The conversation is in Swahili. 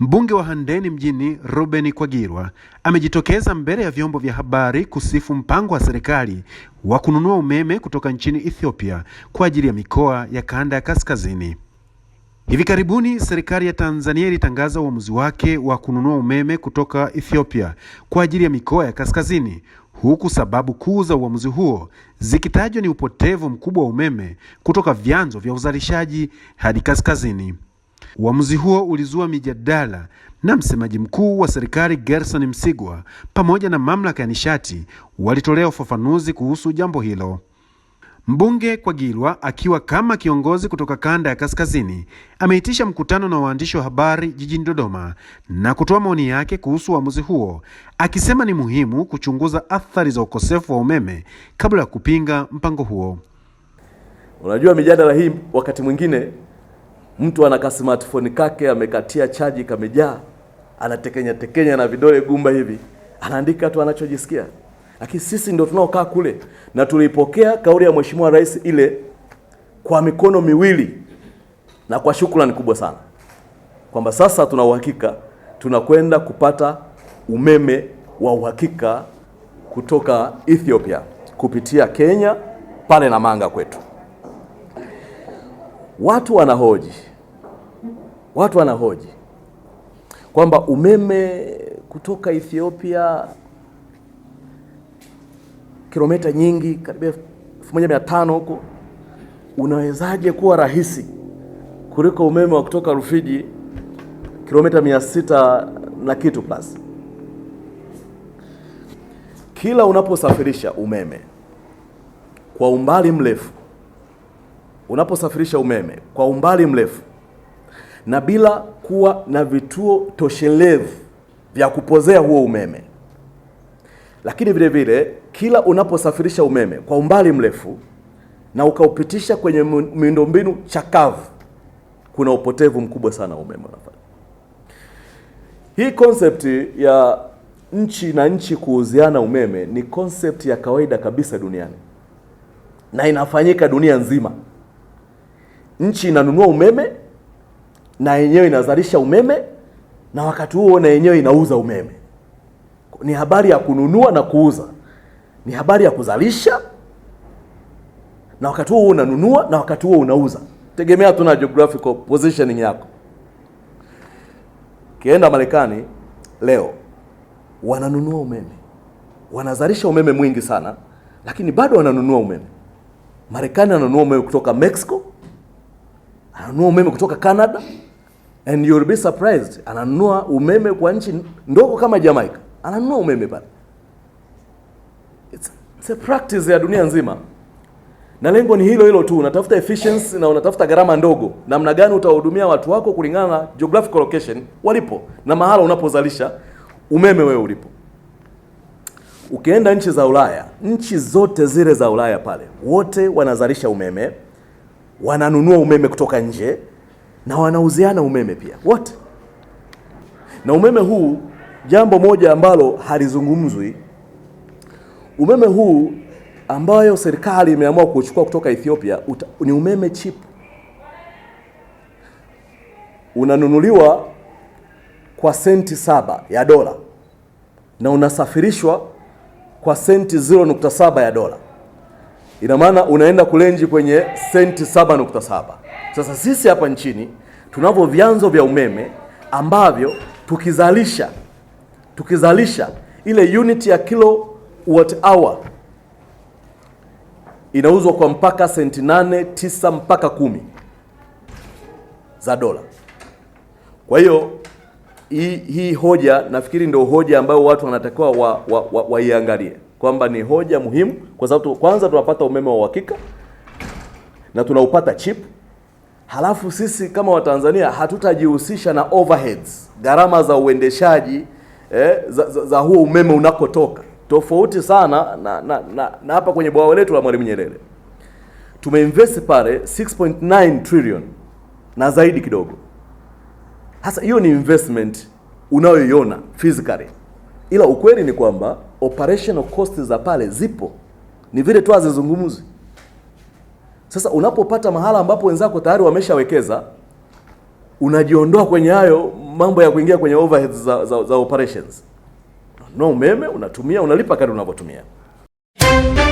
Mbunge wa Handeni mjini Ruben Kwagirwa amejitokeza mbele ya vyombo vya habari kusifu mpango wa serikali wa kununua umeme kutoka nchini Ethiopia kwa ajili ya mikoa ya kanda ya kaskazini. Hivi karibuni serikali ya Tanzania ilitangaza uamuzi wake wa kununua umeme kutoka Ethiopia kwa ajili ya mikoa ya kaskazini, huku sababu kuu za uamuzi huo zikitajwa ni upotevu mkubwa wa umeme kutoka vyanzo vya uzalishaji hadi kaskazini. Uamuzi huo ulizua mijadala na msemaji mkuu wa serikali Gerson Msigwa pamoja na mamlaka ya nishati walitolea ufafanuzi kuhusu jambo hilo. Mbunge Kwagilwa akiwa kama kiongozi kutoka kanda ya kaskazini ameitisha mkutano na waandishi wa habari jijini Dodoma na kutoa maoni yake kuhusu uamuzi huo, akisema ni muhimu kuchunguza athari za ukosefu wa umeme kabla ya kupinga mpango huo. Unajua, mijadala hii wakati mwingine Mtu anaka smartphone kake amekatia chaji kamejaa, anatekenya tekenya na vidole gumba hivi, anaandika tu anachojisikia. Lakini sisi ndio tunaokaa kule, na tulipokea kauli ya Mheshimiwa Rais ile kwa mikono miwili na kwa shukrani kubwa sana, kwamba sasa tuna uhakika tunakwenda kupata umeme wa uhakika kutoka Ethiopia kupitia Kenya pale Namanga kwetu. Watu wanahoji watu wanahoji kwamba umeme kutoka Ethiopia kilomita nyingi karibia 1500 huko unawezaje kuwa rahisi kuliko umeme wa kutoka Rufiji kilomita sita na kitu plus. Kila unaposafirisha umeme kwa umbali mrefu unaposafirisha umeme kwa umbali mrefu na bila kuwa na vituo toshelevu vya kupozea huo umeme, lakini vile vile kila unaposafirisha umeme kwa umbali mrefu na ukaupitisha kwenye miundombinu chakavu, kuna upotevu mkubwa sana wa umeme unafanya. Hii konsepti ya nchi na nchi kuuziana umeme ni konsepti ya kawaida kabisa duniani na inafanyika dunia nzima nchi inanunua umeme na yenyewe inazalisha umeme na wakati huo na yenyewe inauza umeme. Ni habari ya kununua na kuuza, ni habari ya kuzalisha na wakati huo unanunua na wakati huo unauza, tegemea na geographical positioning yako. kienda Marekani leo, wananunua umeme, wanazalisha umeme mwingi sana, lakini bado wananunua umeme. Marekani wananunua umeme kutoka Mexico ananunua umeme kutoka Canada and you'll be surprised, ananunua umeme kwa nchi ndogo kama Jamaica, ananunua umeme pale. It's, it's a practice ya dunia nzima, na lengo ni hilo hilo tu, unatafuta efficiency na unatafuta gharama ndogo. Namna gani utawahudumia watu wako kulingana na geographical location walipo na mahala unapozalisha umeme wewe ulipo. Ukienda nchi za Ulaya, nchi zote zile za Ulaya pale wote wanazalisha umeme wananunua umeme kutoka nje na wanauziana umeme pia what Na umeme huu, jambo moja ambalo halizungumzwi, umeme huu ambayo serikali imeamua kuchukua kutoka Ethiopia uta, ni umeme chip unanunuliwa kwa senti saba ya dola na unasafirishwa kwa senti 0.7 ya dola ina maana unaenda kulenji kwenye senti 7.7. Sasa sisi hapa nchini tunavyo vyanzo vya umeme ambavyo tukizalisha tukizalisha ile unit ya watt hour inauzwa kwa mpaka senti 8, 9 mpaka kumi za dola. Kwa hiyo hii hoja nafikiri ndio hoja ambayo watu wanatakiwa waiangalie wa, wa, wa kwamba ni hoja muhimu, kwa sababu kwanza tunapata umeme wa uhakika na tunaupata chip Halafu sisi kama Watanzania hatutajihusisha na overheads, gharama za uendeshaji eh, za, za, za huo umeme unakotoka, tofauti sana na, na, na, na hapa kwenye bwawa letu la Mwalimu Nyerere tumeinvest pale 6.9 trillion na zaidi kidogo. Hasa hiyo ni investment unayoiona physically, ila ukweli ni kwamba operational cost za pale zipo, ni vile tu hazizungumzwi. Sasa unapopata mahala ambapo wenzako tayari wameshawekeza, unajiondoa kwenye hayo mambo ya kuingia kwenye overheads za, za, za operations. No, umeme, unatumia, unalipa kadri unavyotumia.